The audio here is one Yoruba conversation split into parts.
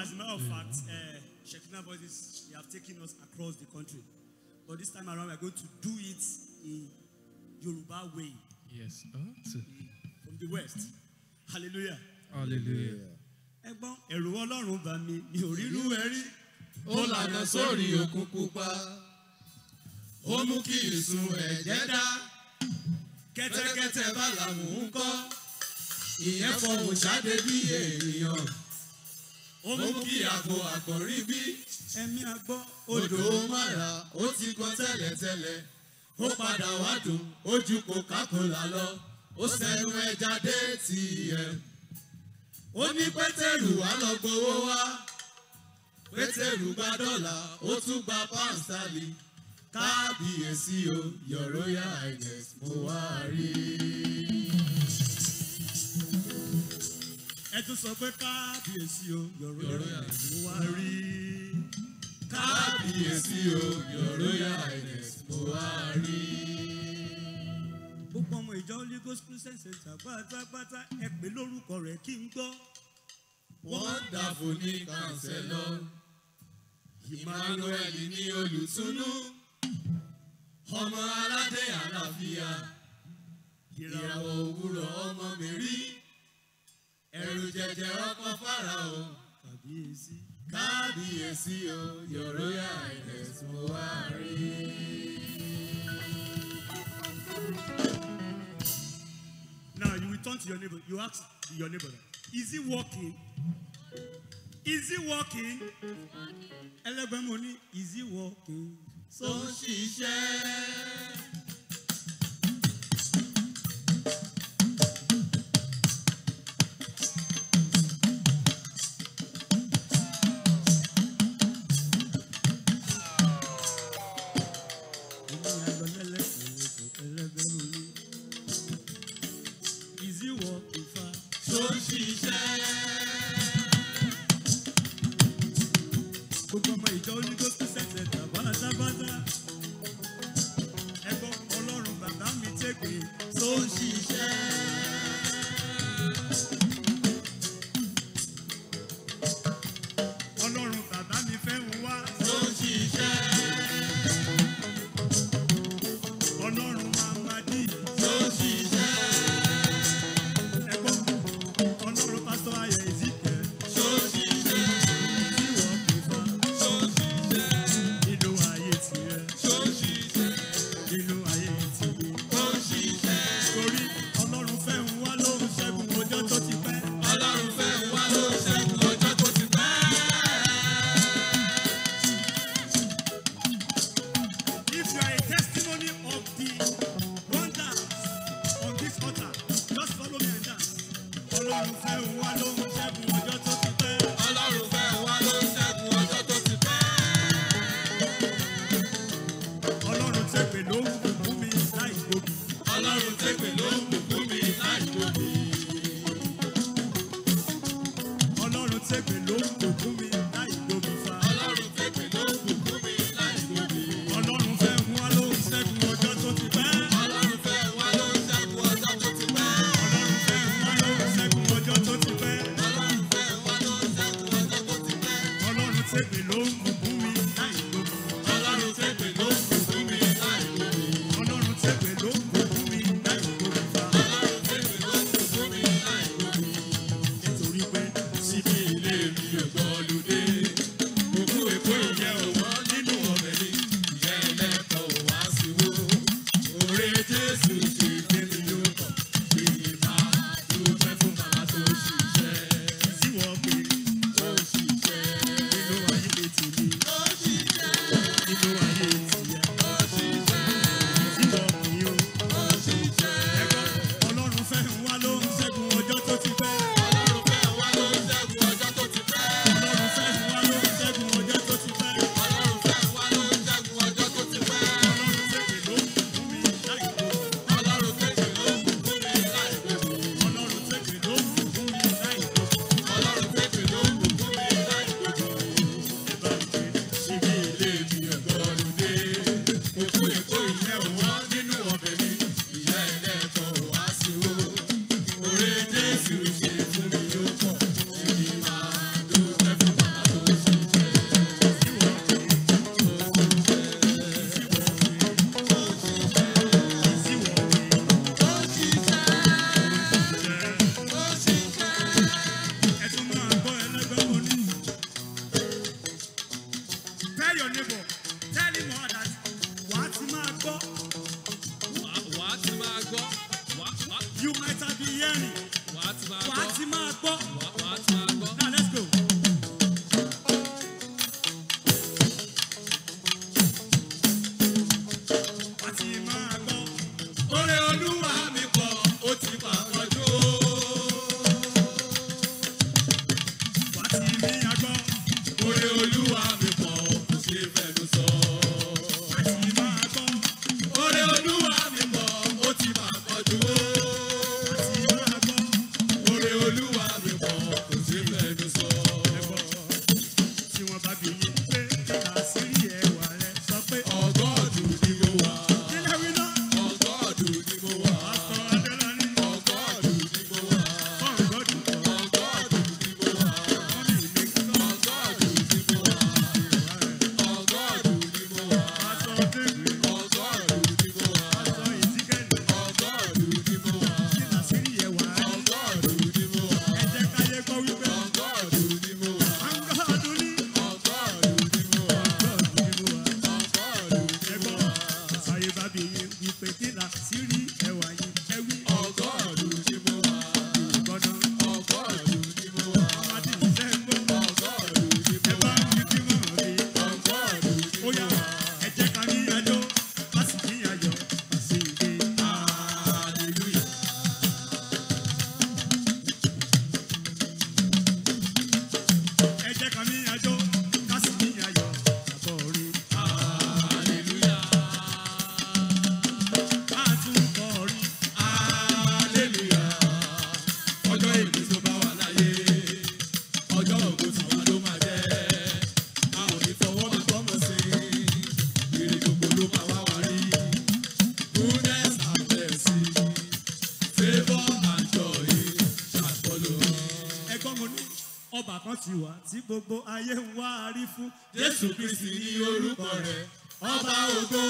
As a matter of fact, uh, Shekinah Voices, they have taken us across the country. But this time around, we're going to do it in Yoruba way. Yes. Oh, From the West. Hallelujah. Hallelujah. Ẹgbọ́n ẹ̀rù Ọlọ́run bá mi, mi ò rírú ẹ Ó lànà sórí òkun pupa. Ó mú kí ìsun ẹ̀jẹ̀ dá. Kẹ́tẹ́kẹ́tẹ́ bá làwọn ń kọ́. Ìyẹn fọwọ́ ṣáde bí ènìyàn ó mú kí àgbo àkọ́rí bí. ẹ̀mí àgbọ́ odò ó má ra ó ti gbọ́ tẹ́lẹ̀tẹ́lẹ̀ ó padà wá dùn ó ju Coca-Cola lọ ó sẹ́nu ẹja dé tiẹ̀. ó ní Pétérù wá lọ gbowó wá Pétérù gba dọ́là ó tún gba pàǹsálì káàbíyèsí o your royal highness mo tún sọ pé kábíyèsí o yọ̀rọ̀yà mo wá rí. kábíyèsí o yọ̀rọ̀yà mo wá rí. gbogbo ọmọ ìjọ Holy Ghost Christian Center pátápátá ẹ lórúkọ rẹ̀ kí n gbọ́. wonderful ní Counselor Emmanuel ni olùtúnú ọmọ aládé àlàáfíà ìràwọ̀ òwúrọ̀ ọmọ mi rí ẹ̀rù jẹ̀jẹ̀ ọkọ̀ fara o. kàbíyèsí. kábíyèsí o your royal highness mo rí. now you will turn to your neighbor you ask your neighbor is he working is he working ẹlẹgbẹ́ mo is he working. tó ń ṣiṣẹ́. do you novo. ti wà tí gbogbo ayé ń wá a rí fún Jésù Kristi ní orúkọ rẹ̀ ọba ògo.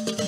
Thank you.